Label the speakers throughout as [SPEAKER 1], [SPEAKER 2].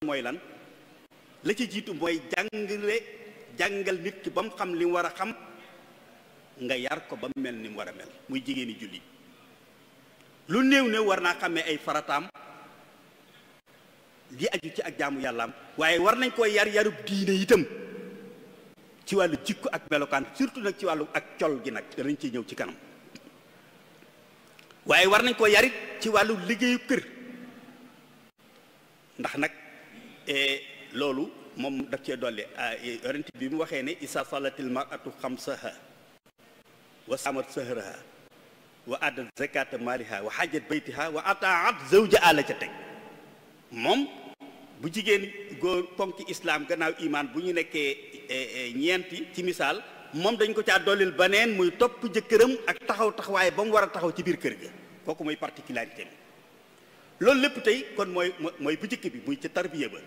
[SPEAKER 1] mooy lan la ci jiitu mooy jàngale jàngal nit ki ba mu xam li mu war a xam nga yar ko ba mu mel ni mu war a mel muy jigéeni julli lu néew néew war naa xamee ay farataam li aju ci ak jaamu yàllaam waaye war nañ koo yar yarub diine itam ci wàllu jikko ak melokaan surtout nag ci wàllu ak col gi nag danañ ci ñëw ci kanam waaye war nañ koo yarit ci wàllu liggéeyu kër ndax nag et loolu moom daf cee dolli ah, yonent bi mu waxee ne isa salatil maratu xamsaha wa samat sahraha wa addat zakata maliha wa hajjat baytiha wa ataat zawjaha la ca teg moom bu jigéen góor ponki islaam gannaaw imaan bu ñu nekkee e, e, ñeenti ci misaal moom dañ ko caa dollil baneen muy topp jëkkëram ak taxaw taxawaay ba mu war a taxaw ci biir kër ga kooku mooy particularité bi loolu lépp tey kon mooy mooy bu jëkk bi muy ca tarbiya ba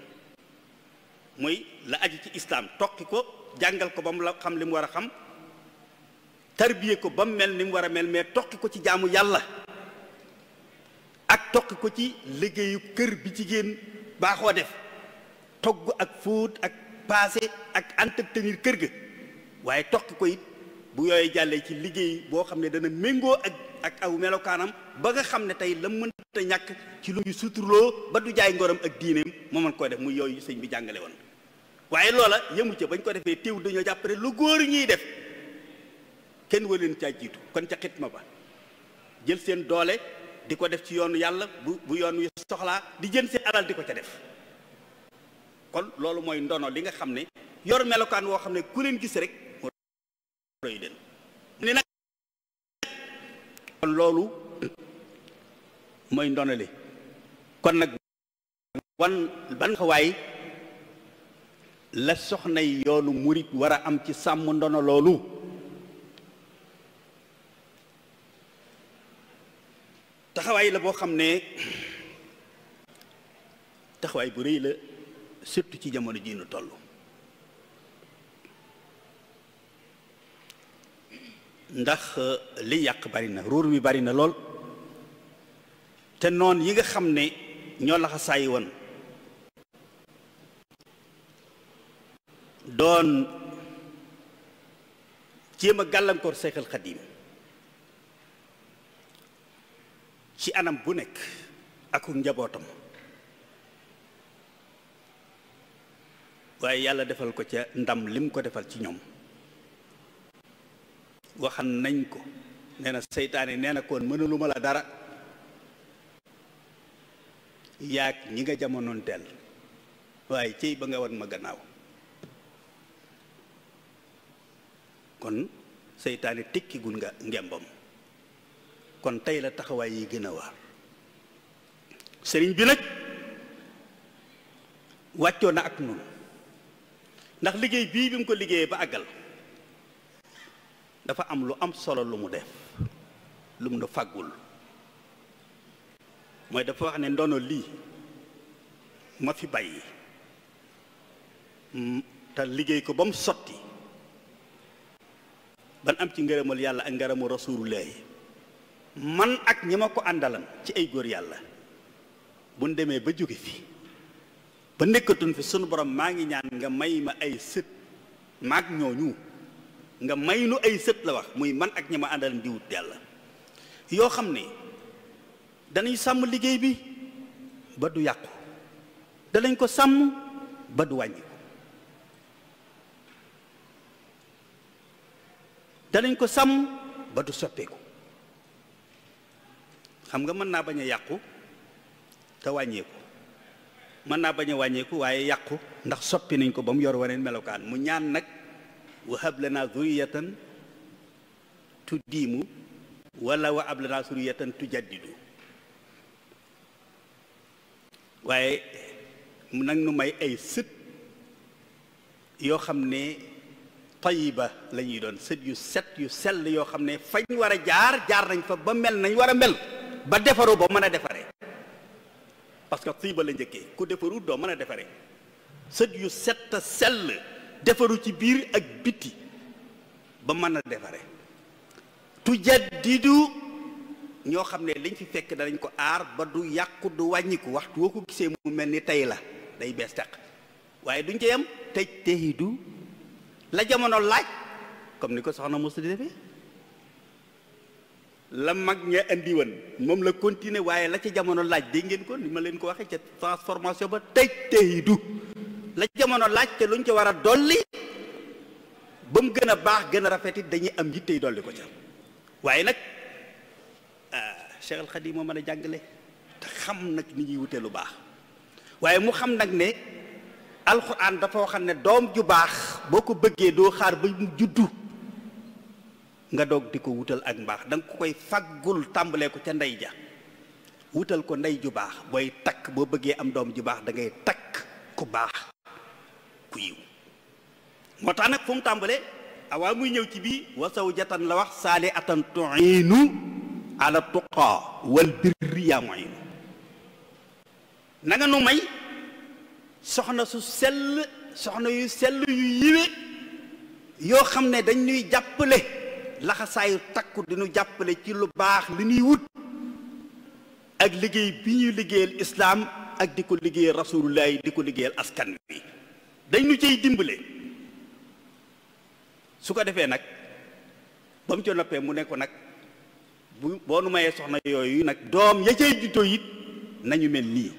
[SPEAKER 1] muy la aju ci islaam tokki ko jàngal ko ba mu la xam li mu war a xam tarbiye ko ba mu mel ni mu war a mel mais tokki ko ci jaamu yàlla ak tokki ko ci liggéeyu kër bi jigéen baaxoo def togg ak fóot ak paase ak entretenir kër ga waaye tokki ko yit bu yooyu jàllee ci liggéey boo xam ne dana méngoo ak ak aw melokaanam ba nga xam ne tey la mënta ñàkk ci lu ñu suturloo ba du jaay ngoram ak diineem moo mën koo def muy yooyu sëñ bi jàngale woon waaye loola yëmu ca bañ ko defee teew dañoo jàpp lu góor ñuy def kenn waleen caa jiitu kon ca xitma ba jël seen doole di ko def ci yoon yàlla bu bu yoon wi soxlaa di jën seen alal di ko ca def kon loolu mooy ndono li nga xam ne yor melokaan woo xam ne ku leen gis rek mu roy leen ni nag kon loolu mooy ndono li kon nag wan ban xawaay la soxnay yoonu murit war a am ci sàmm ndono loolu taxawaay la boo xam ne taxawaay bu rëy la surtout ci jamono ji nu toll ndax euh, li yàq bari na ruur bi bari na lool te noon yi nga xam ne ñoo laxa saayi woon doon jéem a gàllankoor Seexal Xadiim ci anam bu nekk ak njabootam waaye yàlla defal ko ca ndam lim ko defal ci ñoom waxan nañ ko nee na seytaane nee na koon mënaluma la dara yaag ñi nga jamonoon teel waaye cëy ba nga wan ma gannaaw kon seytaane tekkigul nga ngembam kon tey la taxawaay yi gën a waar sëriñ bi nag wàccoo na ak noonu ndax liggéey bii bi mu ko liggéeyee ba àggal dafa am lu am solo lu mu def lu mu nu fàggul mooy dafa wax ne ndono lii ma fi bàyyi mm, te liggéey ko ba mu sotti ban am ci ngërëmal yàlla ak ngërëmu rasulullahi man ak ñi ma ko àndalan ci ay góor yàlla buñ demee ba jóge fi ba nekkatun fi sunu borom maa ngi ñaan nga may ma ay sët maag ñooñu nga may nu ay sët la wax muy man ak ñi ma àndalan di wut yàlla yoo xam ne danañ sàmm liggéey bi ba du yàqu danañ ko sàmm ba du wàññi danañ ko sàmm ba du soppeeku xam nga mën naa bañ a yàqu te wàññeeku mën naa bañ a wàññeeku waaye yàqu ndax soppi nañ ko ba mu yor waneen melokaan mu ñaan nag wahab lana zuriyatan tuddiimu wala wa ab lana zuriyatan tujaddidu waaye nag nu may ay sët yoo xam ne tayiba la ñuy doon sët yu set yu sell yoo xam ne fañ war a jaar jaar nañ fa ba mel nañ war a mel ba defaru ba mën a defaree parce que tayiba la njëkkee ku defaru doo mën a defaree sët yu set a sell defaru ci biir ak biti ba mën a defare defaree tujaddidu ñoo xam ne liñ fi fekk danañ ko aar ba du yàqu du wàññiku waxtu woo ko gisee mu mel ni tey la day bees tàq waaye duñ ci yem teyidu la jamono laaj comme ni ko soxna Moussa di defee la mag ña indi woon moom la continuer waaye la ci jamono laaj dégg ngeen ko ni ma leen ko waxee ca transformation ba tey tey du la jamono laaj te luñ ca war a dolli ba mu gën a baax gën a rafet it dañuy am yitte dolli ko ca waaye nag ah, Cheikh Al Khadim moo mën a jàngale te xam nag ni ñuy wute lu baax waaye mu xam nag ne alxuraan dafa wax ne doom ju baax. boo ko bëggee doo xaar ba mu juddu nga doog di ko wutal ak mbaax danga ko koy faggul tàmbalee ko ca ndey ja wutal ko ndey ju baax booy takk boo bëggee am doom ju baax dangay takk ku baax ku yiw moo tax nag fu mu tàmbalee awaa muy ñëw ci bii wa jatan la wax saali atan tuinu ala tuqaa wal birri yaa muinu na nga nu may soxna su sell soxna yu sell yu yiwe yoo xam ne dañ ñuy jàppale laxasaayu takku di jàppale ci lu baax li ñuy wut ak liggéey bi ñuy liggéeyal islaam ak di ko liggéeyal rasulullahi di ko liggéeyal askan wi dañ ñu ciy dimbale su ko defee nag ba mu ca noppee mu ne nag bu boo nu mayee soxna yooyu nag doom ya cay juddoo it nañu mel nii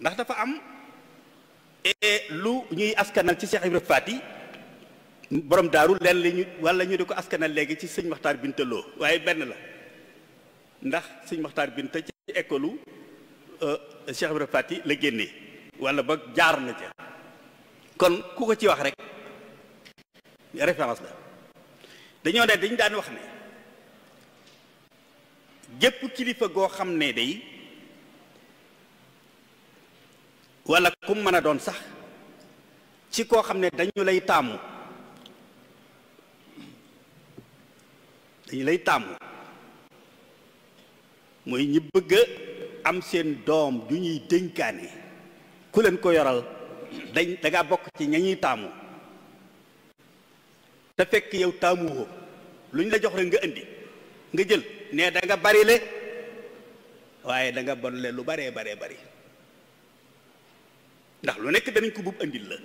[SPEAKER 1] ndax dafa am et lu ñuy askanal ci Cheikh Ibra Faty borom daaru leen la ñu wala ñu di ko askanal léegi ci sëñ Maxtaar Binta Lo waaye benn la ndax sëñ maxtar Binta ci école u euh, Cheikh la génnee wala ba jaar na ca kon ku ko ci wax rek référence la dañoo ne dañu daan wax ne gépp kilifa goo xam ne day wala kum mën a doon sax ci koo xam ne dañu lay taamu dañu lay taamu mooy ñi bëgg am seen doom ju ñuy dénkaane ku leen ko yoral dañ da bokk ci ña ñuy taamu te fekk yow taamu ko lu ñu la jox rek nga indi nga jël ne danga nga bari le waaye danga nga bon le lu baree baree bari ndax lu nekk danañ ko bub andil la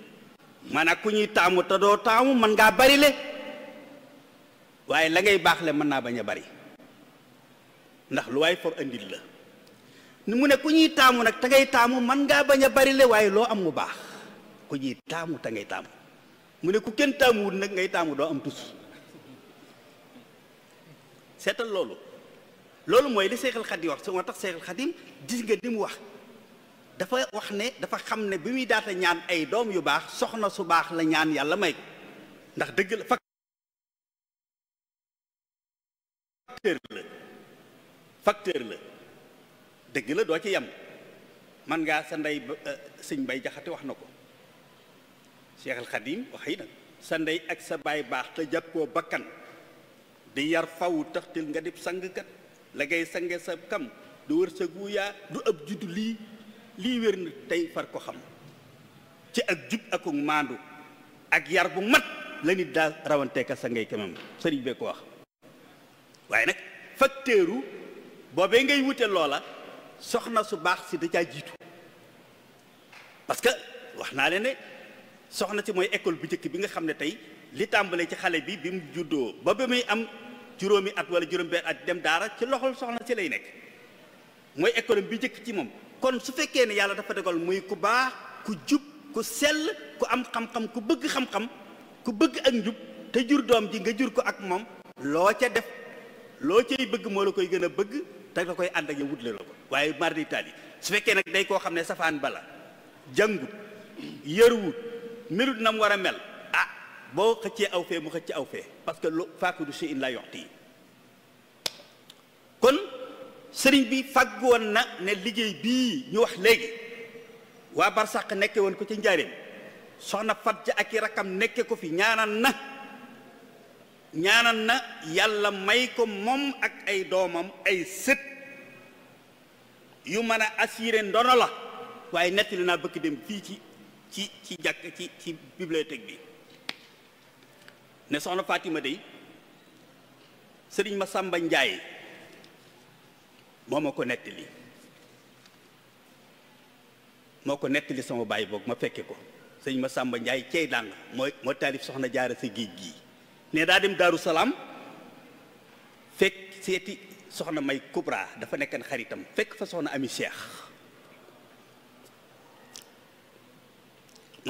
[SPEAKER 1] maanaam ku ñuy taamu te doo taamu man ngaa bari le waaye la ngay baax mën naa bañ a bari ndax lu waay for andil la mu ne ñuy taamu nag te ngay taamu mën ngaa bañ a bari le waaye loo am mu baax ku ñuy taamu te ngay taamu mu ne ku kenn taamuwul nag ngay taamu doo am tus seetal loolu loolu mooy li Seexal Xadim wax su ma tax Seexal Xadim gis nga li mu wax dafa wax ne dafa xam ne bi muy daata ñaan ay doom yu baax soxna su baax la ñaan yàlla may ko ndax dëgg la facteur la la dëgg la doo ci yem man ngaa sa ndey euh, sëñ bay jaxate wax na ko Cheikh al Xadim wax yi nag sa ndey ak sa baay baax te jàppoo bakkan di yar faw taxtil nga dib sangkat la ngay sange sa kam du wërsëg wu yaa du ab juddu lii lii wér na tey far ko xam ci ak jub ak maandu ak yar bu mat la nit daal rawanteeka sa ngay kemam sëriñ bee ko wax waaye nag facteuru boobee ngay wute loola soxna su baax si da caa jiitu parce que wax naa leen ne soxna si mooy école bu njëkk bi nga xam ne tey li tàmbalee ci xale bi bi mu juddoo ba muy am juróomi at wala juróom benn at dem daara ci loxol soxna si lay nekk mooy école bi njëkk ci moom kon su fekkee ne yàlla dafa dogal muy ku baax ku jub ku sell ku am xam-xam ku bëgg xam-xam ku bëgg ak njub te jur doom ji nga jur ko ak moom loo ca def loo cay bëgg moo la koy gën a bëgg te da koy ànd ak yow wutle la ko waaye mardi taali su fekkee nag day koo xam ne safaan bala jàngut yëruwut melut na mu war a mel ah boo xëccee aw fee mu xëcc aw fee parce que lu faaku du si in la yoxti yi kon sëriñ bi fàgg woon na ne liggéey bii ñu wax léegi waa barsàq nekke woon ko ci njaareem soxna fat ak i rakkam nekke ko fi ñaanal na ñaanal na yàlla may ko moom ak ay doomam ay sët yu mën a assuré ndono la waaye nettali naa bëgg dem fii ci ci ci jàkk ci ci bibliothèque bi ne soxna Fatima dey sëriñ ma Samba Njaay moo ma ko nettali moo ko nettali sama baay boog ma fekkee ko sëñ ma sàmba njaay cey dàng mooy moo taalif soxna jaara si géej gii ne daa dem daaru salaam fekk seeti soxna may kubra dafa nekkan xaritam fekk fa soxna ami seex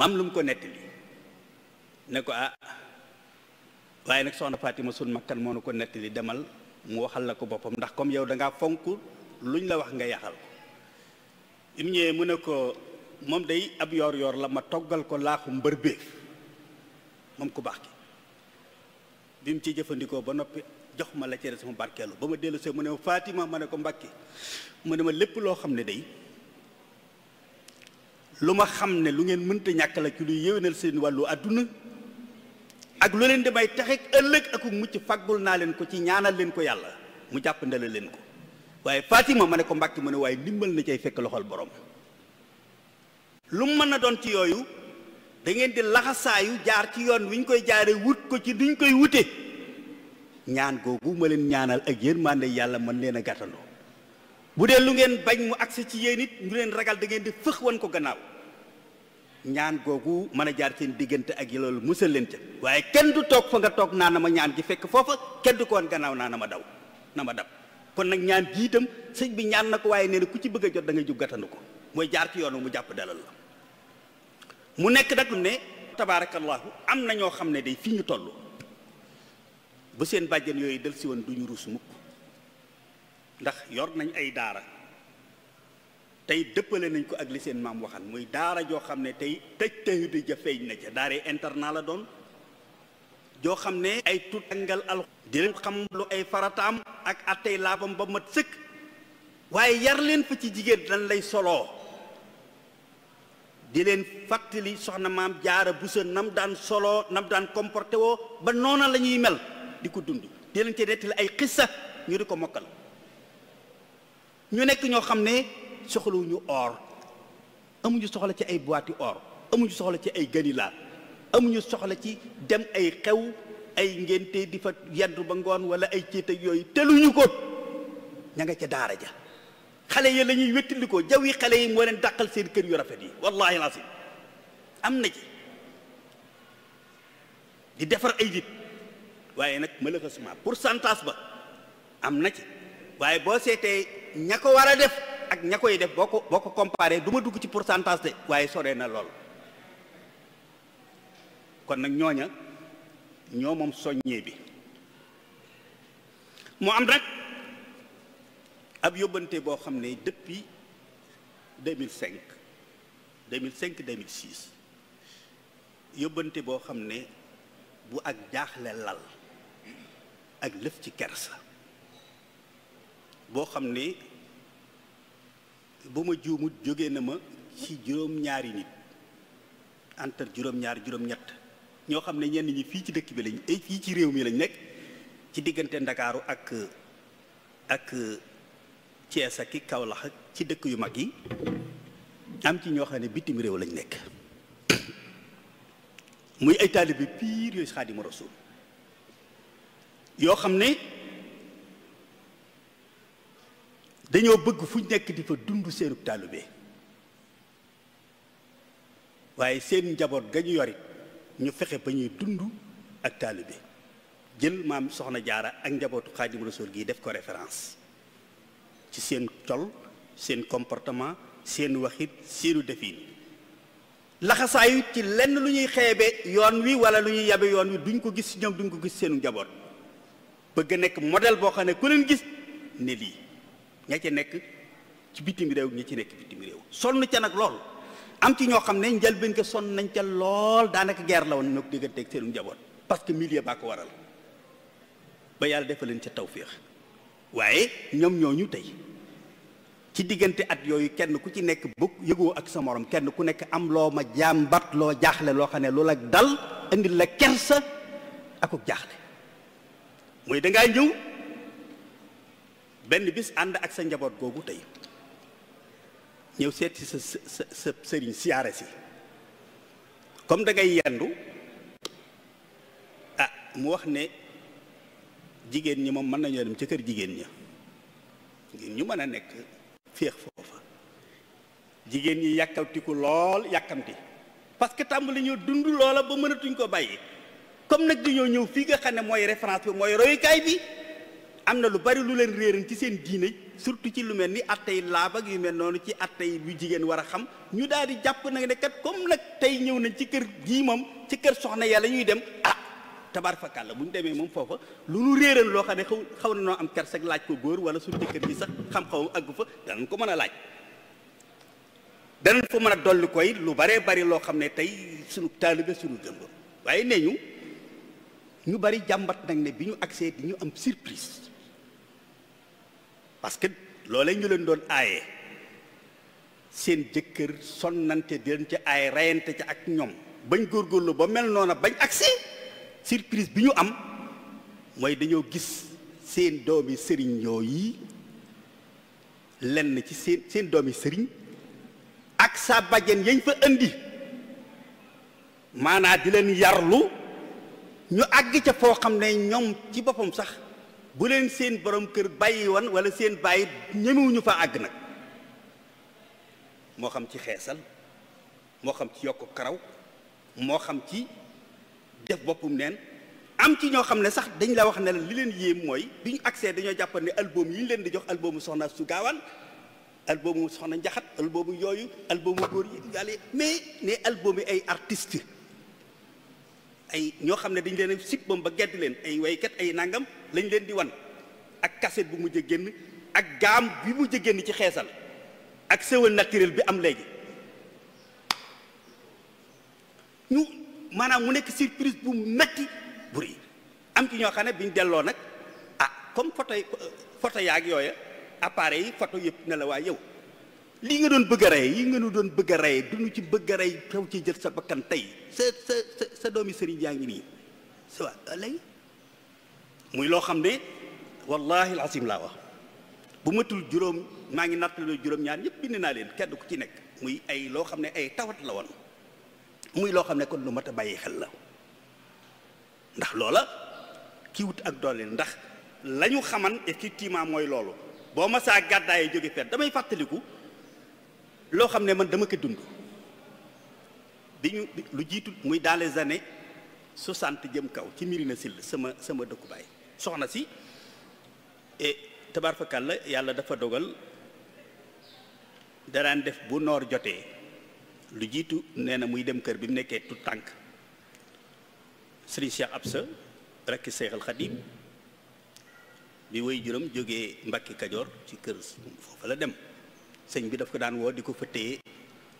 [SPEAKER 1] maam lum ko nettali ne ko ah waaye nag soxna fatima sun makkan moo nu ko nettali demal mu waxal la ko boppam ndax comme yow dangaa fonk lu luñ la wax nga yaxal ko im ñëwee mu ne ko moom day ab yor yoor la ma toggal ko laaxu mbër béef moom ku baax ki bi mu ci jëfandikoo ba noppi jox ma la cere sama barkeelu ba ma dellu see mu ne ma Fatima ma ne ko Mbàkke mu ne ma lépp loo xam ne day lu ma xam ne lu ngeen mënta ñàkk la ci luy yéwénal seen wàllu àdduna ak lu leen di may texeeg ëllëg ak mucc faggul naa leen ko ci ñaanal leen ko yàlla mu jàpp ndala leen ko waaye Fatima ma ne ko Mbàkke mu ne waaye ndimbal na cay fekk loxol borom lu mën na doon ci yooyu da ngeen di laxasaayu jaar ci yoon wi ñu koy jaaree wut ko ci duñ koy wute ñaan googu ma leen ñaanal ak yërmande yàlla mën leen a gàttandoo bu dee lu ngeen bañ mu agsi ci yéen it ñu leen ragal da ngeen di fëx wan ko gannaaw ñaan googu mën a jaar seen diggante ak yi loolu musal leen ca waaye kenn du toog fa nga toog naa na ma ñaan gi fekk foofa kenn du ko woon gannaaw naa na ma daw na ma dab kon nag ñaan gi itam sëñ bi ñaan na ko waaye nee na ku ci bëgg a jot dangay ngay jug ko mooy jaar ci yoonu mu jàpp dalal la mu nekk nag ne tabaarakallaahu am na ñoo xam ne day fi ñu toll bu seen bàjjen yooyu del si woon du ñu rus mukk ndax yor nañ ay daara tey dëppale nañ ko ak li seen maam waxan muy daara joo xam ne tey tëj tëyudi ja feeñ na ca daara internat la doon joo xam ne ay tutangal al di leen xam lu ay farataam ak attey laabam ba mat sëkk waaye yar leen fa ci jigéen dañ lay soloo di leen fàttali soxna maam bu busa nam daan soloo nam daan comporté woo ba noona la ñuy mel di ko dund di leen ci nettali ay xissa ñu di ko mokkal ñu nekk ñoo xam ne soxlawuñu or amuñu soxla ci ay boîte or amuñu soxla ci ay ganila amuñu soxla ci dem ay xew ay ngénte di fa yendu ba ngoon wala ay ciit yooyu teluñu ko ña nga ca daara ja xale ya lañuy ñuy wéttali jaw yi xale yi moo leen dàqal seen kër yu rafet yi wallahi laasim am na ci di defar ay nit waaye nag pour santaas ba am na ci waaye boo seetee ña ko war a def ak ña koy def boo ko boo ko comparé du ma dugg ci pourcentage de waaye sore na lool kon nag ñooña ñoo moom soññee bi mu am rek ab yóbbante boo xam ne depuis 2005 2005 2006 yóbbante boo xam ne bu ak jaaxle lal ak lëf ci kersa boo xam ne ba ma juumut jóge na ma ci juróom-ñaari nit entre juróom-ñaari juróom-ñett ñoo xam ne ñenn ñi fii ci dëkk bi lañ eh, fii ci réew mi lañ nekk ci diggante ndakaaru ak ak Thiès ak i Kaolack ci dëkk yu mag yi am ci ñoo xam ne bitim réew lañ nekk muy ay taalibe bi piir yooyu Xaadimu Rasuul yoo xam ne dañoo bëgg fu nekk di fa dund seenu taalube waaye seen njaboot ga ñu yorit ñu fexe ba ñuy dund ak taalube jël maam soxna jaara ak njabootu xaadim rasul gi def ko référence ci seen col seen comportement seen waxit seenu defin laxasaayu ci lenn lu ñuy xeebe yoon wi wala lu ñuy yabe yoon wi duñ ko gis ñoom duñ ko gis seenu njaboot bëgg nekk model boo xam ne ku leen gis ne lii ña ca nekk ci bitim réew ña ci nekk bitim réew sonn ca nag lool am ci ñoo xam ne njëlbeen ko sonn nañ ca lool daanaka geer la woon ñoo ko digganteeg seenu njaboot parce que milieu baa ko waral ba yàlla defal leen ca tawféex waaye ñoom ñooñu tey ci diggante at yooyu kenn ku ci nekk bu yëgoo ak sa morom kenn ku nekk am loo ma jàmbat loo jaaxle loo xam ne lu la dal indil la kersa akuk jaaxle mooy dangaa ñëw benn bis ànd ak sa njaboot googu tey ñëw seet si sa sa sa sëriñ siyaare si comme da ngay yendu ah mu wax ne jigéen ñi moom mën nañoo dem ca kër jigéen ña ñu mën a nekk féex foofa jigéen ñi yàkkamtiku lool yàkkamti parce que tàmbali ñoo dund loola ba mënatuñ ko bàyyi comme nag ñoo ñëw fii nga xam ne mooy référence bi mooy royukaay bi am na lu bari lu leen réeran ci seen diine surtout ci lu mel ni attey laab ak yu mel noonu ci attey lu jigéen war a xam ñu daal di jàpp nag ne kat comme nag tey ñëw nañ ci kër gii moom ci kër soxna yàlla ñuy dem ah tabaar fakal la bu ñu demee moom foofa lu nu réeran loo xam ne xaw xaw na noo am kerse ak laaj ko góor wala suñu jëkkër ji sax xam-xamam àggu fa danañ ko mën a laaj danañ fa mën a dolli koy lu baree bari loo xam ne tey suñu taalibe suñu gëmba waaye nee ñu ñu bari jàmbat nag ne bi ñu accès di ñu am surprise parce que loolee ñu leen doon aaye seen jëkkër sonnante di leen ci aaye reyante ci ak ñoom bañ góorgóorlu ba mel noona bañ agsi surprise bi ñu am mooy dañoo gis seen doomi sëriñ ñoo yi lenn ci seen seen doomi sëriñ ak sa bàjjen yañ fa indi maanaa di leen yarlu ñu àgg ca foo xam ne ñoom ci boppam sax bu leen seen boroom kër bàyyi wan wala seen bàyyi ñemewuñu fa àgg nag moo xam ci xeesal moo xam ci yokk karaw moo xam ci def boppum neen am ci ñoo xam ne sax dañ la wax ne la li leen yéem mooy bi ñu accès dañoo jàpp ne album yi ñu leen di jox albumu soxna su gaawaan albumu soxna njaxat albumu yooyu albumu góor yi yàlla mais ne album yi ay artist ay ñoo xam ne dañ leen sib bam ba gedd leen ay waykat ay nangam lañ leen di wan ak kaset bu mujj a génn ak gaam bi mujj a génn ci xeesal ak sewal naturel bi am léegi ñu maanaam mu nekk surprise bu metti bu rëy am ci ñoo xam ne bi ñu delloo nag ah comme photo photo yaag yooya appareil yi photo yëpp ne la waaye yow lii nga doon bëgg a rey yi nga nu doon bëgg a rey du ñu ci bëgg a rey xew ci jël sa bakkan tey sa sa sa doomi sëriñ yaa ngi nii muy loo xam ne wallahi alazim laa wax bu matul juróom maa ngi nattaloo juróom-ñaar ñëpp bind naa leen kenn ku ci nekk muy ay loo xam ne ay tawat la woon muy loo xam ne kon lu mat a bàyyi xel la ndax loola ki wut ak doole ndax lañu xaman effectivement mooy loolu boo ma saa gàddaay jóge fet damay fàttaliku loo xam ne man dama ko dund bi ñu lu jiitu muy dans les su sant jëm kaw ci Mirina sil sama sama dëkku baay soxna si et la yàlla dafa dogal daraan def bu noor jotee lu jiitu nee na muy dem kër bi mu nekkee tu tànk Serigne Cheikh Absa rakki Seex al Xadim bi woy juróom jóge mbakki Kajoor ci kër foofu la dem sëñ bi daf ko daan woo di ko fa téye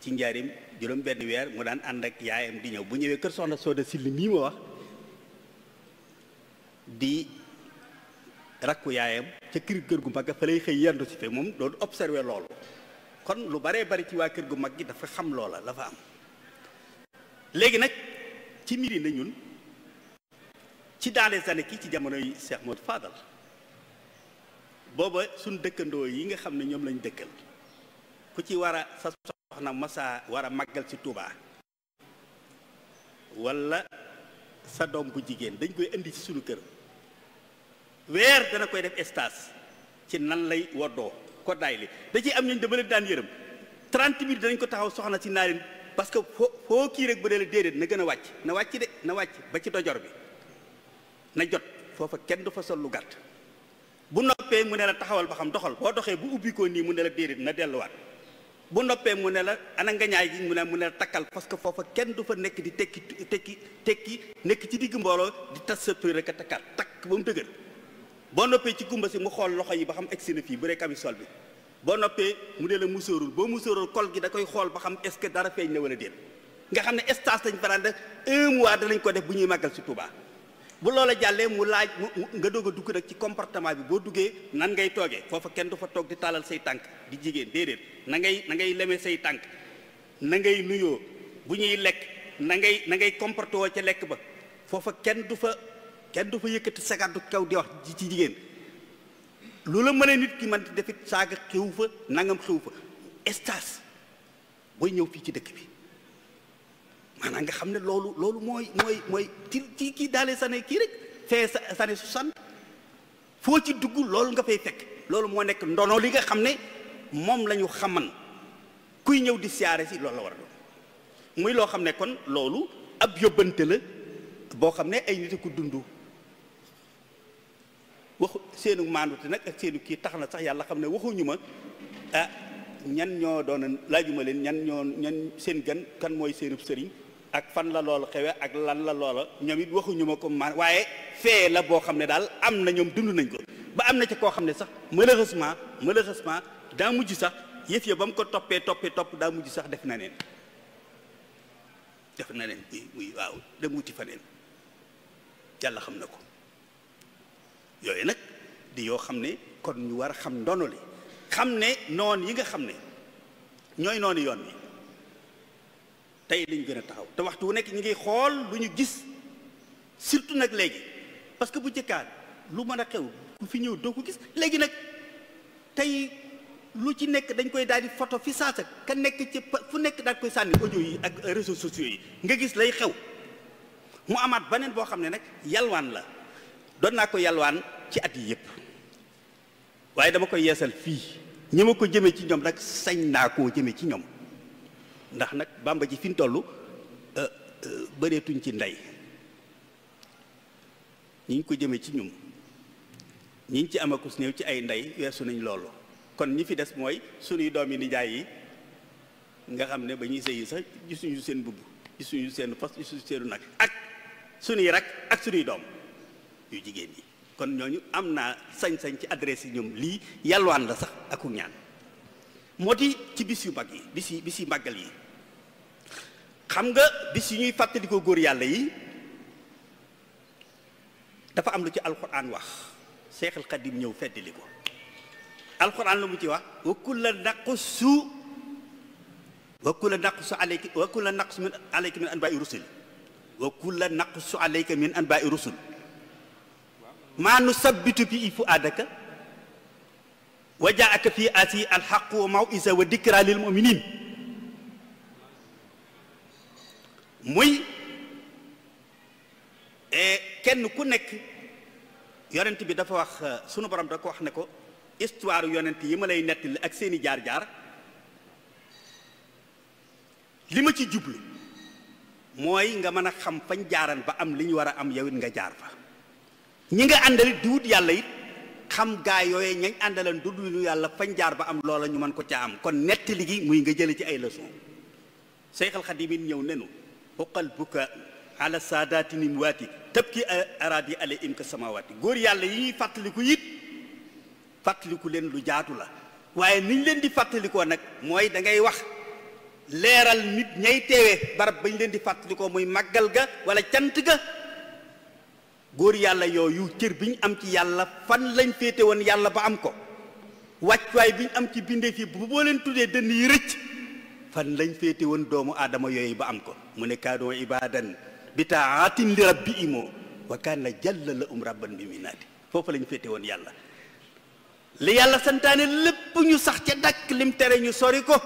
[SPEAKER 1] ci njaarim juróom benn weer mu daan ànd ak yaayam di ñëw bu ñëwee kër soxna Sooda Sill mii ma wax di rakku yaayam ca kër kër gu mag fa lay xëy yendu si fe moom doon observé loolu kon lu baree bari ci waa kër gu mag gi dafa xam loola la fa am léegi nag ci mbiri na ñun ci dans sa années kii ci jamono yi Cheikh Modou booba suñ dëkkandoo yi nga xam ne ñoom lañ dëkkal ku ci war a sa soxna masaa war a màggal ci Touba wala sa doom bu jigéen dañ koy indi ci sunu kër weer dana koy def stage ci nan lay woddoo koddaay li da ciy am ñooñ dama leen daan yërëm trente mille danañ ko taxaw soxna si naa leen parce que foo foo kii rek ba dee la déedéet na gën a wàcc na wàcc de na wàcc ba ci dojor bi na jot foofa kenn du fa sol lu gàtt bu noppee mu ne la taxawal ba xam doxal boo doxee bu ubbi ko nii mu ne la déedéet na delluwaat bu noppee mu ne la ana ngañaay gi mu ne mu ne la takkal parce que foofa kenn du fa nekk di tekki tekki tekki nekk ci digg mbooloo di tas sa tur rek a takkaat takk ba mu dëgër boo noppee ci gumba si mu xool loxo yi ba xam egsi na fii bu dee camisole bi boo noppee mu dee la musóorul boo musóorul kol gi da koy xool ba xam est-ce que dara feeñ na wala déet nga xam ne stage lañ fanaan def un mois danañ ko def bu ñuy màggal si Touba bu loola jàllee mu laaj nga doog a dugg nag ci comportement bi boo duggee nan ngay toogee foofa kenn du fa toog di tàllal say tànk di jigéen déedéet nangay ngay na ngay leme say tànk na ngay nuyoo bu ñuy lekk na ngay na ngay comporté woo ca lekk ba kenn du fa yëkkati du kaw di wax ci jigéen lu la mënee nit ki man di defit saaga xew fa nangam xew fa stage booy ñëw fii ci dëkk bi maanaam nga xam ne loolu loolu mooy mooy mooy ci kii daale sane kii rek fee sane su san foo ci dugg loolu nga fay fekk loolu moo nekk ndono li nga xam ne moom lañu xaman kuy ñëw di siyaare si loolu la war a doon muy loo xam ne kon loolu ab yóbbante la boo xam ne ay nit ku dund waxu seenu maandute nag ak seenu kii tax na sax yàlla xam ne waxuñu ma a ah, ñan ñoo doon laajuma leen ñan ñoo ñan seen gën kan mooy seenub sëriñ ak fan la lool xewe ak lan la loola ñoom it waxuñu ma ko maan waaye fee la boo xam ne daal am na ñoom dund nañ ko ba am na ci koo xam ne sax malheureusement malheureusement daa mujj sax yëf ya ba mu ko toppee toppee topp daa mujj sax def na neen def na neen waaw dem wuti fa neen yàlla xam na ko yooyu nag di yoo xam ne kon ñu war a xam ndono li xam ne noon yi nga xam ne ñooy noonu yoon bi tey lañ gën a taxaw te waxtu wu nekk ñu ngi xool lu ñu gis surtout nag léegi parce que bu jëkkaat lu mën a xew bu fi ñëw doo ko gis léegi nag tey lu ci nekk dañ koy daal di photo fi saasa ka nekk ci fu nekk daal koy sànni audio yi ak réseaux sociaux yi nga gis lay xew mu amaat beneen boo xam ne nag yalwaan la doon naa ko yalwaan ci at yi yëpp waaye dama koy yeesal fii ñi ma ko jëmee ci ñoom nag sañ naa koo jëmee ci ñoom ndax nag bàmba ji fi ñu toll euh, euh, bëreetuñ ci ndey ñi ñu ko jëmee ci ñum ñi ci amakus néew ci ay ndey weesu nañ loolu kon ñi fi des mooy sunuy doomi nijaay yi nga xam ne ba ñuy sëyi sax gisuñu seen bubb gisuñu seen fas gisuñu seenu nag ak sunuy rak ak sunuy doom yu jigéen yi kon ñooñu am naa sañ-sañ ci adresse yi ñoom lii yàlwaan la sax aku ñaan moo ti ci bis yu mag yi bis yi bis yi màggal yi xam nga bis yu ñuy fàttalikoo góor yàlla yi dafa am lu ci alquran wax seexal xadim ñëw feddali ko alquran lu mu ci wax wa kulla naqsu wa kulla naqsu alayka wa kulla min alayka min rusul maa nu sabbitu bi fu aadaka wa jaaka fi asi alxaqu wa mawisa wa dikra lil muminin muy e, kenn ku nekk yonent bi dafa wax sunu borom da ko wax ne ko histoire yonent yi ma lay nettali ak seeni jaar-jaar li ma ci jublu mooy nga mën a xam fañ jaaran ba am li ñu war a am yow nga jaar fa ñi nga àndal di wut yàlla it xam gaa yooye ñañ àndalan du dul yàlla fañ jaar ba am loola ñu mën ko ca am kon nettali liggéey muy nga jële ci ay leçon Seex al Xadiim it ñëw nenu xuqal buka ala saadaati nim waati tabki araadi ale im ka samawaati góor yàlla yi fàttaliku it fàttaliku leen lu jaatu la waaye niñ leen di fàttalikoo nag mooy da ngay wax leeral nit ñay teewee barab bañ leen di fàttalikoo muy màggal ga wala cant ga góor yàlla yooyu cër bi ñu am ci yàlla fan lañ féete woon yàlla ba am ko wàccuwaay bi ñu am ci bindee fii bu boo leen tuddee dënn yi rëcc fan lañ féete woon doomu aadama yooyu ba am ko mu ne kaadoo ibadan bi taatin li rabbi imoo wa kaana jàll la um rabban bi minaati foofu lañu féete woon yàlla li yàlla santaane lépp ñu sax ca dakk lim tere ñu sori ko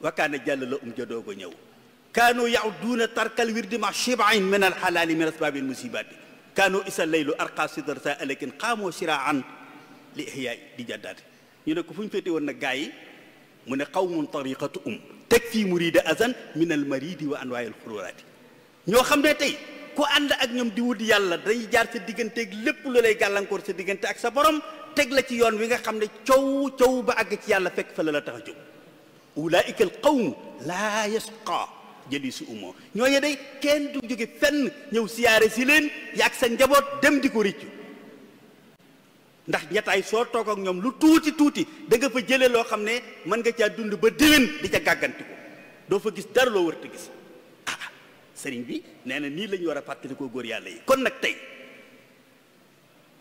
[SPEAKER 1] wa kaana jàll la um jadoo ko ñëw kaanoo yaudduuna tarkal wirdi ma shibain min alxalaali min asbaabi almusibaati kaanu isa laylu arqa sidrata alakin qaamoo siraan li ihyaay di jàddaate ñu ne ko fu ñu féete woon na gaa yi mu ne qawmun tariqatu um teg fii murida azan min almaridi wa anwaay alxururaati ñoo xam ne tey ku ànd ak ñoom di wut yàlla dañuy jaar sa digganteeg lépp lu lay gàllankoor sa diggante ak sa borom teg la ci yoon wi nga xam ne cow coow ba àgg ci yàlla fekk fa la la tax alqawmu laa yasqa jëli si umoo ñooñu day kenn du jóge fenn ñëw siyaare si leen yaag sa njaboot dem di ko riccu ndax ñett ay soo toog ak ñoom lu tuuti tuuti danga nga fa jëlee loo xam ne mën nga caa dund ba déwén di ca gàgganti ko doo fa gis dara loo wërta gis ah, ah sëriñ bi nee na nii lañu war a fàttalikoo góor yàlla yi kon nag tey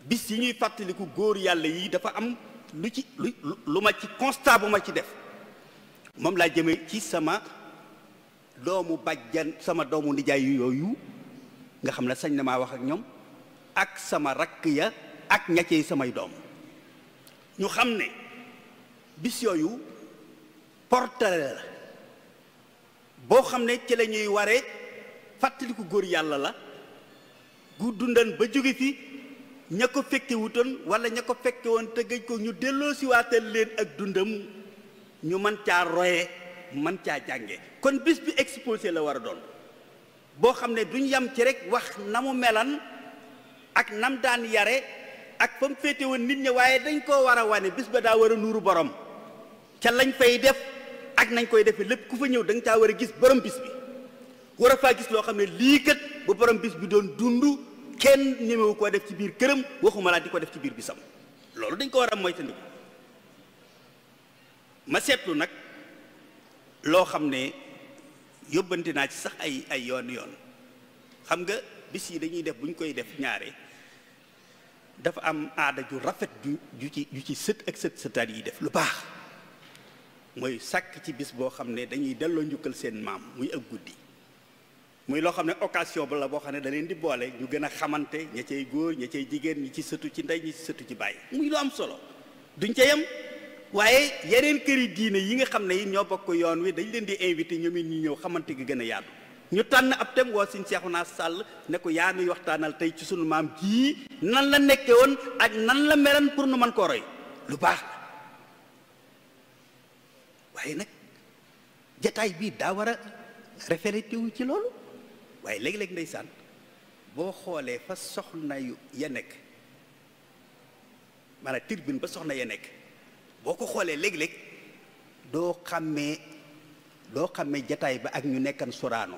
[SPEAKER 1] bis yi ñuy fàttaliku góor yàlla yi dafa am lu ci lu lu ma ci constat bu ma ci def moom laa jëmee ci sama doomu bajjan sama doomu nijaay yooyu nga xam ne sañ na maa wax ak ñoom ak sama rakk ya ak ñaccey samay doom ñu xam ne bis yooyu portale la boo xam ne ci la ñuy waree fàttaliku góor yàlla la gu dundan ba jóge fi ña ko fekke wutoon wala ña ko fekke woon te gëj ko ñu delloo si waatal leen ak dundam ñu mën caa roye man caa jànge kon bis bi exposé la war a doon boo xam ne duñ yam ci rek wax na mu melan ak nam daan yare ak fa mu féete woon nit ñi waaye dañ koo war a wane bis ba daa war a nuuru borom ca lañ fay def ak nañ koy defee lépp ku fa ñëw da caa war a gis borom bis bi war a faa gis loo xam ne lii kat bu borom bis bi doon dund kenn ñemewu koo def ci biir këram waxuma laa di ko def ci biir bisam loolu dañ ko war a moytandiku ma seetlu nag loo xam ne yóbbante naa ci sax ay ay yoon yoon xam nga bis yi dañuy def bu ñu koy def ñaare dafa am aada ju rafet ju ju ci ci sët ak sët sëtaat yi def lu baax mooy sàkk ci bis boo xam ne dañuy delloo njukkal seen maam muy ak guddi muy loo xam ne occasion bala boo xam ne da leen di boole ñu gën a xamante ña cay góor ña cay jigéen ñi ci sëtu ci ndey ñi ci sëtu ci bàyyi muy lu am solo duñ ca yem waaye yeneen këri diine yi nga xam ne yi ñoo bokk yoon wi dañ leen di invité ñoom it ñu ñëw xamante gi gën a yaatu ñu tànn ab tem woo suñ naa Sàll ne ko yaa nuy waxtaanal tey ci sunu maam jii nan la nekke woon ak nan la melan pour nu mën koo roy lu baax waaye nag jataay bii daa war a référité wu ci loolu waaye léeg-léeg ndeysaan boo xoolee fa soxna yu ya nekk maanaam tirbine ba soxna ya nekk boo ko xoolee léeg-léeg doo xàmmee doo xàmmee jataay ba ak ñu nekkan soraano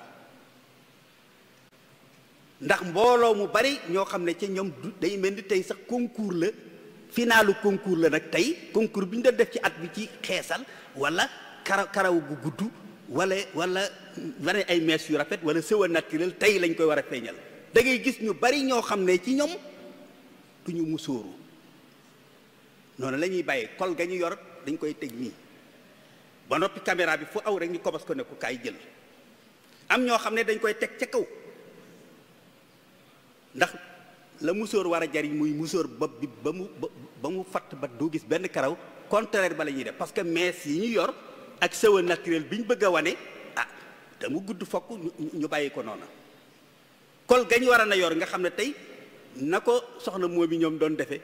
[SPEAKER 1] ndax mbooloo mu bari ñoo xam ne ca ñoom du mel ni tey sax concours la finalu concours la nag tey concours bi ñu doon def ci at bi ci xeesal wala kara karaw gudd wala wala wane ay mees yu rafet wala sëwa naturel tey lañ koy war a feeñal da ngay gis ñu bari ñoo xam ne ci ñoom du ñu musóoru noonu lañuy ñuy bàyyee kol gañu yor dañ koy teg nii ba noppi caméra bi fu aw rek ñu kobos ko ne ko kaay jël am ñoo xam ne dañ koy teg ca kaw ndax la musóor war a jariñ muy musóor bopp bi ba mu ba mu fatt ba doo gis benn karaw contraire ba la ñuy def parce que mees yi ñu yor ak sëwa naturel bi ñu bëgg a wane ah te mu gudd fokk ñu bàyyi ko noonu kol gañ war a na yor nga xam ne tey na ko soxna moom yi ñoom doon defee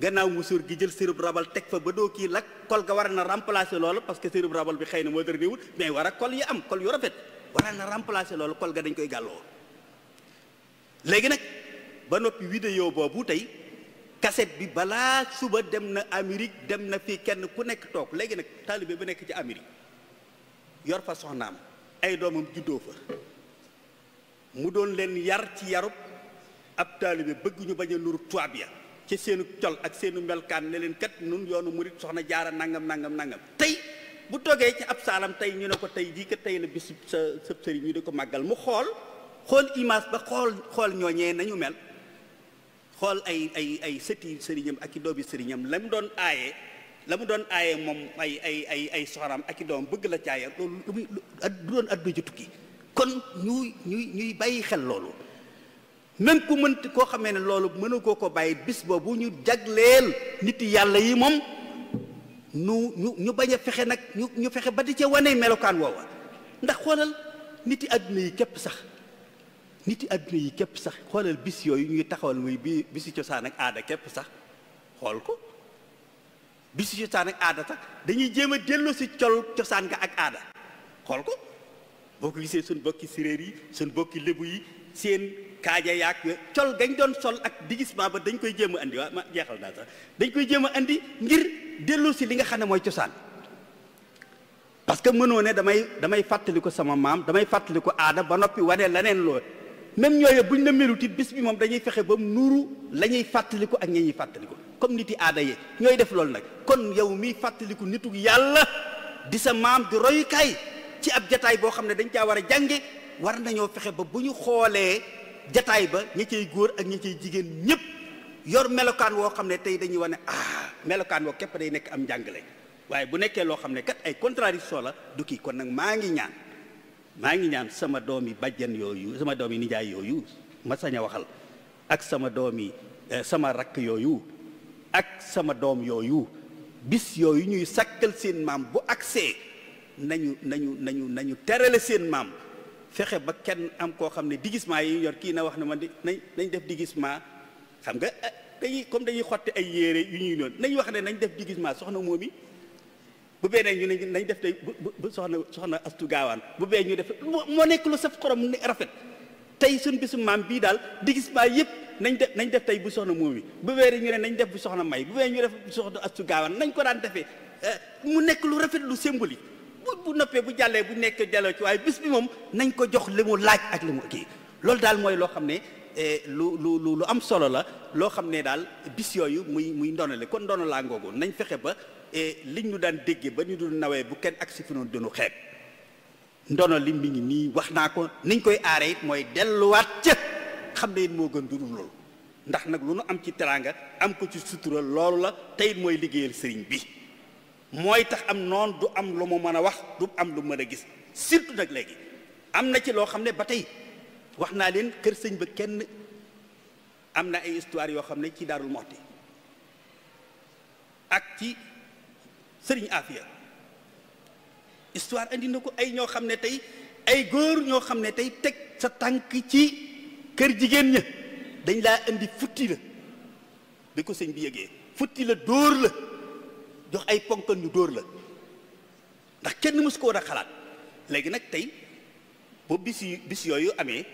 [SPEAKER 1] gannaaw musóor gi jël sirub rabal teg fa ba doo kii lak kol ga war na remplacer loolu parce que sirub rabal bi xëy na moderne wul mais war a kol yi am kol yu rafet war na remplacer loolu kol ga dañ koy gàlloo léegi nag ba noppi vidéo boobu tey kaset bi balaa suba dem na Amérique dem na fii kenn ku nekk toog léegi nag taalibe bu nekk ci Amérique yor fa soxnaam ay doomam juddoo fa mu doon leen yar ci yarub ab taalibe bëgg ñu bañ a nuru ci seenu col ak seenu melkaan ne leen kat nun yoonu murit soxna jaara nangam nangam nangam tey bu toogee ci ab saalam tey ñu ne ko tey jii kat tey la bis sa sëb sëriñ ñu di ko màggal mu xool xool image ba xool xool ñooñee nañu mel xool ay ay ay sëti sëriñam ak i doomi sëriñam la mu doon aaye la mu doon aaye moom ay ay ay ay soxnaam ak i doom bëgg la caaya loolu lu doon addu tukki kon ñuy ñuy ñuy bàyyi xel loolu nan ko mënti koo xamee ne loolu mënu koo ko bàyyi bis boobu ñu jagleel nit yàlla yi moom ñu ñu bañ a fexe nag ñu fexe ba di ca wane melokaan woowa ndax xoolal nit yi àdduna yi képp sax nit yi àdduna yi képp sax xoolal bis yooyu ñuy taxawal muy bi bisu cosaan ak aada képp sax xool ko bisi cosaan ak aada sax dañuy jéem a dellu si col cosaan nga ak aada xool ko boo ko gisee suñ bokki séréer yi suñ bokki lébu yi seen kaaja yaag col gañ doon sol ak digissement ba dañ koy jéem a waa ma jeexal naa sax dañ koy jéem indi ngir dellu si li nga xam ne mooy cosaan parce que mënoo ne damay damay fàttali ko sama maam damay fàttali ko aada ba noppi wane leneen lool même ñooyu buñ la melutit bis bi moom dañuy fexe ba nuuru la ñuy fàttaliku ak ña ñuy fàttaliku comme nit yi aada yi ñooy def loolu nag kon yow miy fàttaliku nitu yàlla di sa maam di royukaay ci ab jataay boo xam ne dañ caa war a jànge war nañoo fexe ba bu ñu xoolee jataay ba ña cay góor ak ña cay jigéen ñëpp yor melokaan woo xam ne tey dañuy wane ah melokaan woo képp day nekk am njàngale waaye bu nekkee loo xam ne kat ay contradiction la du kii kon nag maa ngi ñaan maa ngi ñaan sama doom doomi bàjjan yooyu sama doom yi nijaay yooyu ma sañ a waxal ak sama doom yi eh, sama rakk yooyu ak sama doom yooyu bis yooyu ñuy sàkkal seen maam bu agsee nañu nañu nañu nañu terale seen maam fexe ba kenn am koo xam ne digissement yi yor kii na wax na man de nañ nañ def digissement xam nga eh, dañuy comme dañuy xotti ay yére yu ñuy noonu nañ wax ne nañ def digissement soxna moom yi bu beenee ñu ne nañ def tey bu soxna soxna astu gaawaan bu bee ñu def moo nekk lu saf xorom ne rafet tey suñ bisu maam bii daal digissement yëpp nañ def nañ def tey bu soxna moom yi bu bee ñu ne nañ def bu soxna may bu bee ñu def bu soxna astu gaawaan nañ ko daan defee eh, mu nekk lu rafet lu symbolique bu bu noppee bu jàllee bu nekkee jàllee ci waaye bis bi moom nañ ko jox li mu laaj ak li mu kii loolu daal mooy loo xam ne eh, lu lu lu am solo la loo xam ne daal bis yooyu muy muy ndonale kon ndono laa ngoogu nañ fexe ba eh, li ñu daan déggee ba ñu dul nawee bu kenn ak si fi noonu dunu xeeb ndono li mi ngi nii wax naa ko niñ koy aaree mooy delluwaat ca xam ne it moo gën dunu loolu ndax nag lu nu am ci teraanga am ko ci sutura loolu la tey mooy liggéeyal sëriñ bi mooy tax am noon du am lu mu mën a wax du am lu mën a gis surtout nag léegi am na ci loo xam ne ba tey wax naa leen kër sëñ ba kenn am na ay histoire yoo xam ne ci Daarul Muxti ak ci sëriñ Afia histoire andi na ko ay ñoo xam ne tey ay góor ñoo xam ne tey teg sa tànk ci kër jigéen ña dañ laa indi futti la bi ko sëñ bi yëgee futti la dóor la jox ay ponkal ñu dóor la ndax kenn mësu ko war a xalaat léegi nag tey ba bis yu bis yooyu amee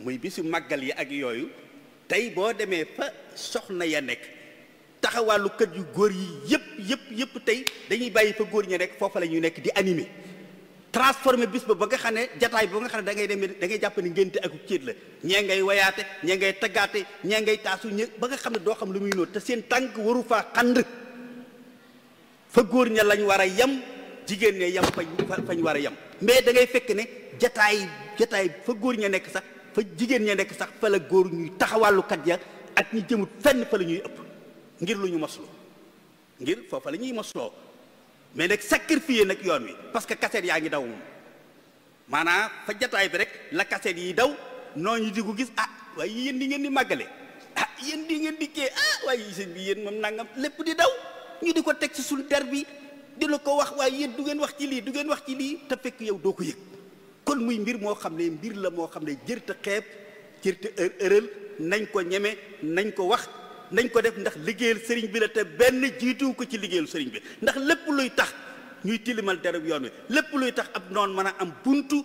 [SPEAKER 1] muy bisu màggal yi ak yooyu tey boo demee fa soxna ya nekk taxawaalu kër yu góor yi yëpp yëpp yëpp tey dañuy bàyyi fa góor ña nekk foofa la ñuy nekk di animé transformé bis ba ba nga xam ne jataay ba nga xam ne da ngay dem da jàpp ni ngénte ak céet la ñee ngay wayaate ñee ngay taggaate ñee ngay taasu ñe ba nga xam ne doo xam lu muy noonu te seen tànk waru faa xand fa góor ña lañ war a yem jigéen ña yem fañ fañ war a yem mais dangay ngay fekk ne jataay jataay fa góor ña nekk sax fa jigéen ña nekk sax fa la góor ñuy taxawàllukat ya ak ñu jëmut fenn fa la ñuy ëpp ngir lu ñu mosloo ngir foofa la ñuy mosloo mais nag sacrifié nag yoon wi parce que kaseet yaa ngi daw moom maanaa fa jataay bi rek la kaseet yi daw noo ñu ko gis ah waaye yéen di ngeen di màggale ah yéen di ngeen di kee ah waaye seen bi yéen moom nangam lépp di daw ñu di ko teg ci suñ der bi di la ko wax waaye yéen du ngeen wax ci lii du wax ci lii te fekk yow doo ko yëg kon muy mbir moo xam ne mbir la moo xam ne jërte xeeb jërte ërël nañ ko ñeme nañ ko wax nañ ko def ndax liggéeyal sëriñ bi la te benn jiituwu ko ci liggéeyal sëriñ bi ndax lépp luy tax ñuy tilimal dereb yoon wi lépp luy tax ab noon mën a am buntu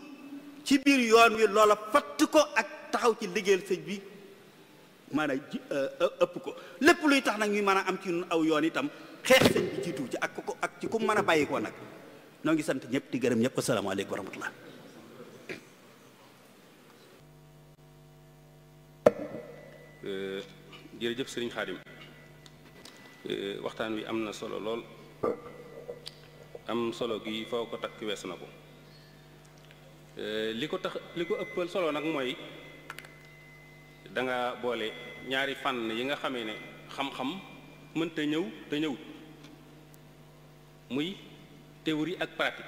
[SPEAKER 1] ci biir yoon wi loola fatt ko ak taxaw ci liggéeyal sëñ bi maanaam ji ëpp ko lépp luy tax nag ñuy mën a am ci aw yoon itam xeex sëñ bi jiitu ci ak ak ci ku mën a bàyyi koo nag noo ngi sant ñëpp di gërëm ñëpp asalaamaaleykum wa
[SPEAKER 2] euh, jërëjëf sëriñ euh, waxtaan wi am na solo lool am solo gi foo ko takk weesu na ko euh, li ko tax li ko ëppal solo nag mooy danga boole ñaari fànn yi nga xamee ne xam-xam mën te ñëw te ñëwut muy théorie ak pratique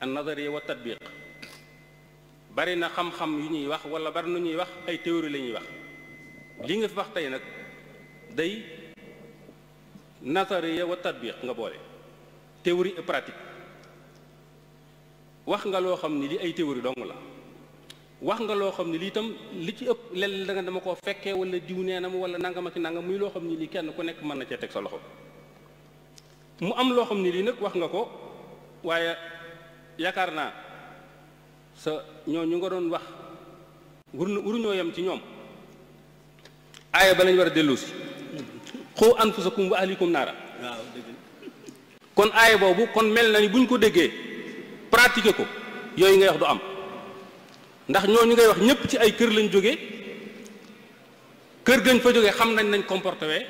[SPEAKER 2] an nazariya wa tatbiq bari na xam-xam yu ñuy wax wala bari na ñuy wax ay théorie la ñuy wax li nga fi wax tey nag day nazariya wa tatbiq nga boole théorie et pratique wax nga loo xam ni li ay théorie dong la wax nga loo xam ne lii itam li ci ëpp lenn da nga dama koo fekkee wala diw nee na ma wala nangam ak muy loo xam ni lii kenn ku nekk mën na cee teg sa loxo mu am loo xam ne lii nag wax nga ko waaye yaakaar naa sa ñoo ñu nga doon wax waruñoo yem ci ñoom aaya ba lañ war a dellu si xoo anfusakum wa ahlikum naara kon aaya boobu kon mel na ni buñ ko déggee pratiquer ko yooyu ngay wax du am ndax ñoo ñooñu ngay wax ñépp ci ay kër lañ jóge kër gañ fa jóge xam nañ nañ comporté we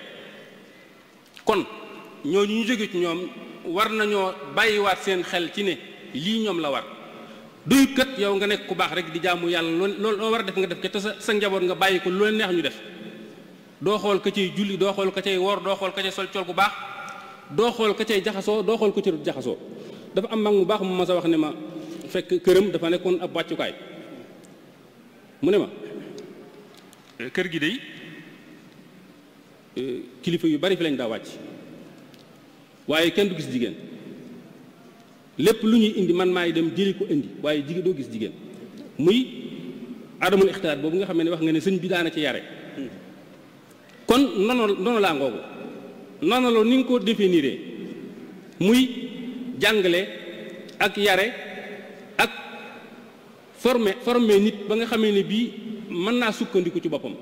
[SPEAKER 2] kon ñoo ñu ñu jógee ci ñoom war nañoo bàyyiwaat seen xel ci ne lii ñoom la war duyut kat yow nga nekk ku baax rek di jaamu yàlla loolu loo war a def nga def ca te sa sa njaboot nga bàyyi ko loolu neex ñu def doo xool ka cay julli doo xool ka cay woor doo xool ka cay sol col bu baax doo xool ka cay jaxasoo doo xool ka cay jaxasoo dafa am mag mu baax mu ma sa wax ne ma fekk këram dafa nekkoon ab wàccukaay mu ne ma euh, kër gi dey euh, kilifa yu bari fi lañ daa wàcc waaye kenn du gis jigéen lépp lu ñuy indi man maay dem jëli ko indi waaye jigéen doo gis jigéen muy adamul ixtiyaar boobu nga xam ne wax nga ne sëñ bi daana ci yare kon nono nono laa ngoogu nono la ni nga ko définiree muy jàngale ak yare forme forme nit ba nga xamee ne bii mën naa sukkandiku ci boppam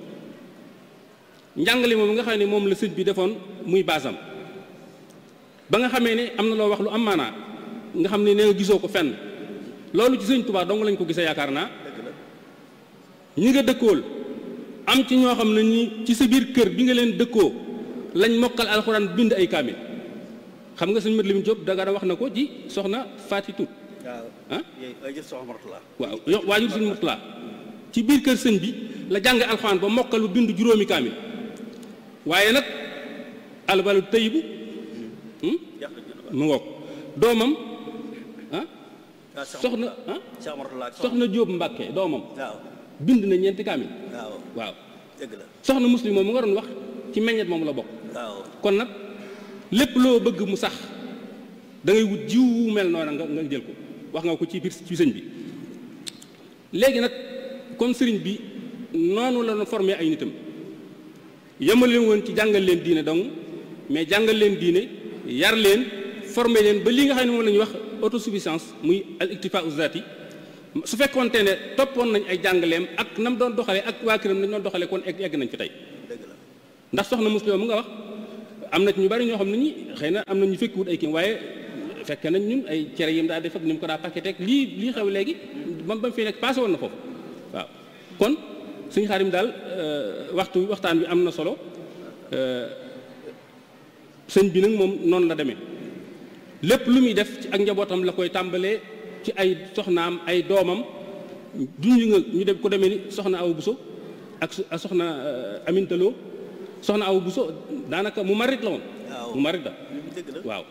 [SPEAKER 2] njàngale moom nga xam ne moom la sëñ bi defoon muy baasam ba nga xamee ne am na loo wax lu am maanaa nga xam ne nee nga gisoo ko fenn loolu ci sëñ Tuubaa dong lañ ko gisee yaakaar naa ñi nga dëkkool am ci ñoo xam ne ci sa biir kër bi nga leen dëkkoo lañ mokkal alxuraan bind ay kaamil xam nga sëñ Mat Lamin Jóob da nga wax na ko ci soxna Faati Tuut ah waaw yo waajur sëñ Murtala ci biir kër sëñ bi la jàng alxuraan ba mokkalu bind juróomi kaamil waaye nag albalu tayyibu hmm? mu ngoog doomam ah, ah soxna ah soxna Jóob Mbàkke doomam bind na ñeenti kaamil waaw soxna muslim moom mu nga doon wax ci meññet moom la bokk kon nag lépp loo bëgg mu sax dangay wut jiw mel noonu nga nga jël ko wax nga ko ci biir ci sëñ bi léegi nag kon sëriñ bi noonu la ñu formé ay nitam yemal leen woon ci jàngal leen diine donc mais jàngal leen diine yar leen formé leen ba li nga xam ne moom la ñuy wax autosuffisance muy al iktifa su fekkoonte ne toppoon nañ ay jàngaleem ak na mu doon doxale ak waa këram nañ doon doxalee kon egg nañ ci tey ndax soxna muslima mu nga wax am na ñu bari ñoo xam ne xëy na am na ñu fekkiwut ay kii waaye fekk nañ ñun ay cere yim daa def ak ni mu ko daa paqueté ak lii lii xew léegi bam ba mu fi nekk passé woon na foofu waaw kon suñ xaarim daal euh, waxtu waxtaan bi am na solo euh, sëñ bi nag moom noonu la demee lépp lu muy def ci ak njabootam la koy tàmbalee ci ay soxnaam ay doomam dundu nga ñu dem ko demee ni soxna aw buso ak soxna euh, amintaloo soxna aw buso daanaka mu marit la woon mu marit la waaw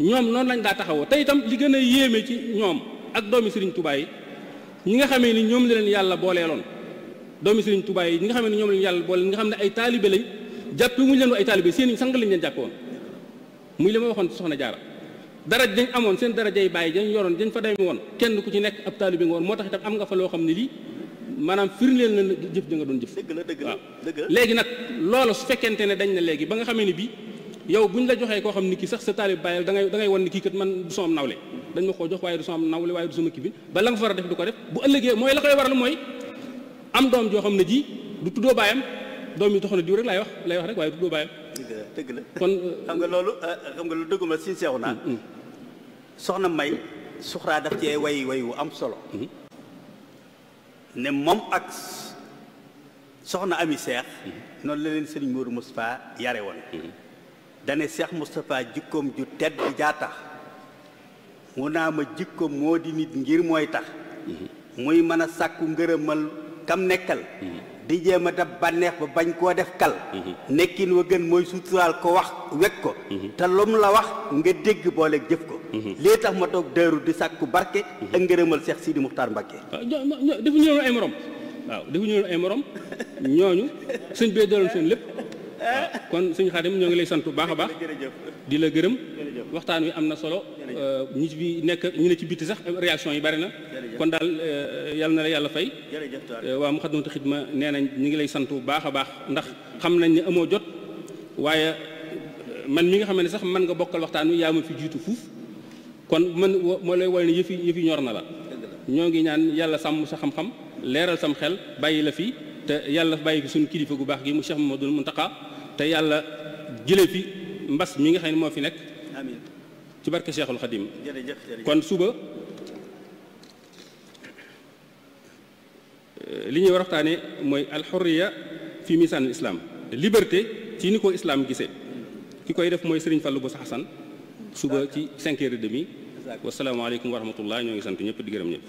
[SPEAKER 2] ñoom noonu lañ daa taxawoo tey itam li gën a yéeme ci ñoom ak doomi Serigne Touba yi ñi nga xamee ni ñoom la leen yàlla booleeloon doomi Serigne tubaay yi ñi nga xamee ni ñoom la leen yàlla booleel ñi nga xam ne ay taalibe lañ jàppe mu ñu leen ay taalibe seen i sang lañ leen jàppe woon muy li ma waxoon ci soxna jaara daraj amoon seen darajay bàyyi dañ yoroon dañ fa dem woon kenn ku ci nekk ab taalibe nga woon moo tax itam am nga fa loo xam ne lii maanaam firndeel na jëf ja nga doon jëf. dëgg la dëgg la léegi nag loola su fekkente ne dañ na léegi ba nga xamee ni bii yow bu ñu la joxee koo xam ni kii sax sa taalib bàyyil da ngay da ngay wan ni kii kat man du sama nawle dañ ma koo jox waaye du sama nawle waaye du sama kii bi ba la nga fa war a def du ko def bu ëllëgee mooy la koy waral mooy am doom joo xam ne ji du tuddoo baayam doom yi taxoon na jiw rek laay wax lay wax rek waaye du tuddoo baayam. dëgg la dëgg kon xam nga loolu euh, xam nga lu
[SPEAKER 1] dëgguma sin seexu naa mm-hmm. soxna may suxraa daf cee way way wu am solo mm-hmm. ne moom ak soxna ami seex mm-hmm. noonu la leen sëriñ Moodu Mustafaa yare woon dane Cheikh Moustapha jikkoom ju tedd jaa tax mu naa ma jikkoom moo di nit ngir mooy tax mm-hmm. muy mën a sàkku ngërëmal kam nekkal mm-hmm. di jéem a dab bànneex ba bañ koo def kal mm-hmm. nekkin wa gën mooy suturaal ko wax wekk ko te lum la wax nga dégg booleeg jëf ko lii tax ma toog dëru di sàkku barke ak ngërëmal Cheikh Sidi
[SPEAKER 2] Muxtaar Mbàkke defu ah, ñu ay moroom waaw defu ñu ay morom ñooñu suñ bee doon suñ lépp kon suñu xadim ñoo ngi lay sant bu baax a baax di la gërëm waxtaan wi am na solo euh, ñi ci bi nekk ñu ne ci bitti sax réaction yi bari na kon daal euh, yal na la yàlla fay euh, waaw Moukhaddamatoul Khidma nee nañ ñu ngi lay sant bu baax a baax ndax xam nañ ni amoo jot waaye man mi nga xam ne sax man nga bokkal waxtaan wi yaa ma fi jiitu fuuf kon man moo lay wal ne yëfi yëfi ñor na la ñoo ngi ñaan yàlla sàmm sa xam-xam leeral sam xel bàyyi la fi te yàlla bàyyi fi suñu kilifa gu baax gi mu Cheikh Mamadou Mountakha te yàlla jële fi mbas mi nga xam ne moo fi nekk amiin ci barke Cheikhul Khadim kon suba li ñuy war waxtaane mooy alxurriya fi misaanul islam liberté ci ni ko islam gise ki koy def mooy sëriñ Serigne Fallou bu Xasan suba ci cinq heures et demi wasalaamaaleykum wa rahmatullah ñoo ngi sant ñëpp di gërëm ñëpp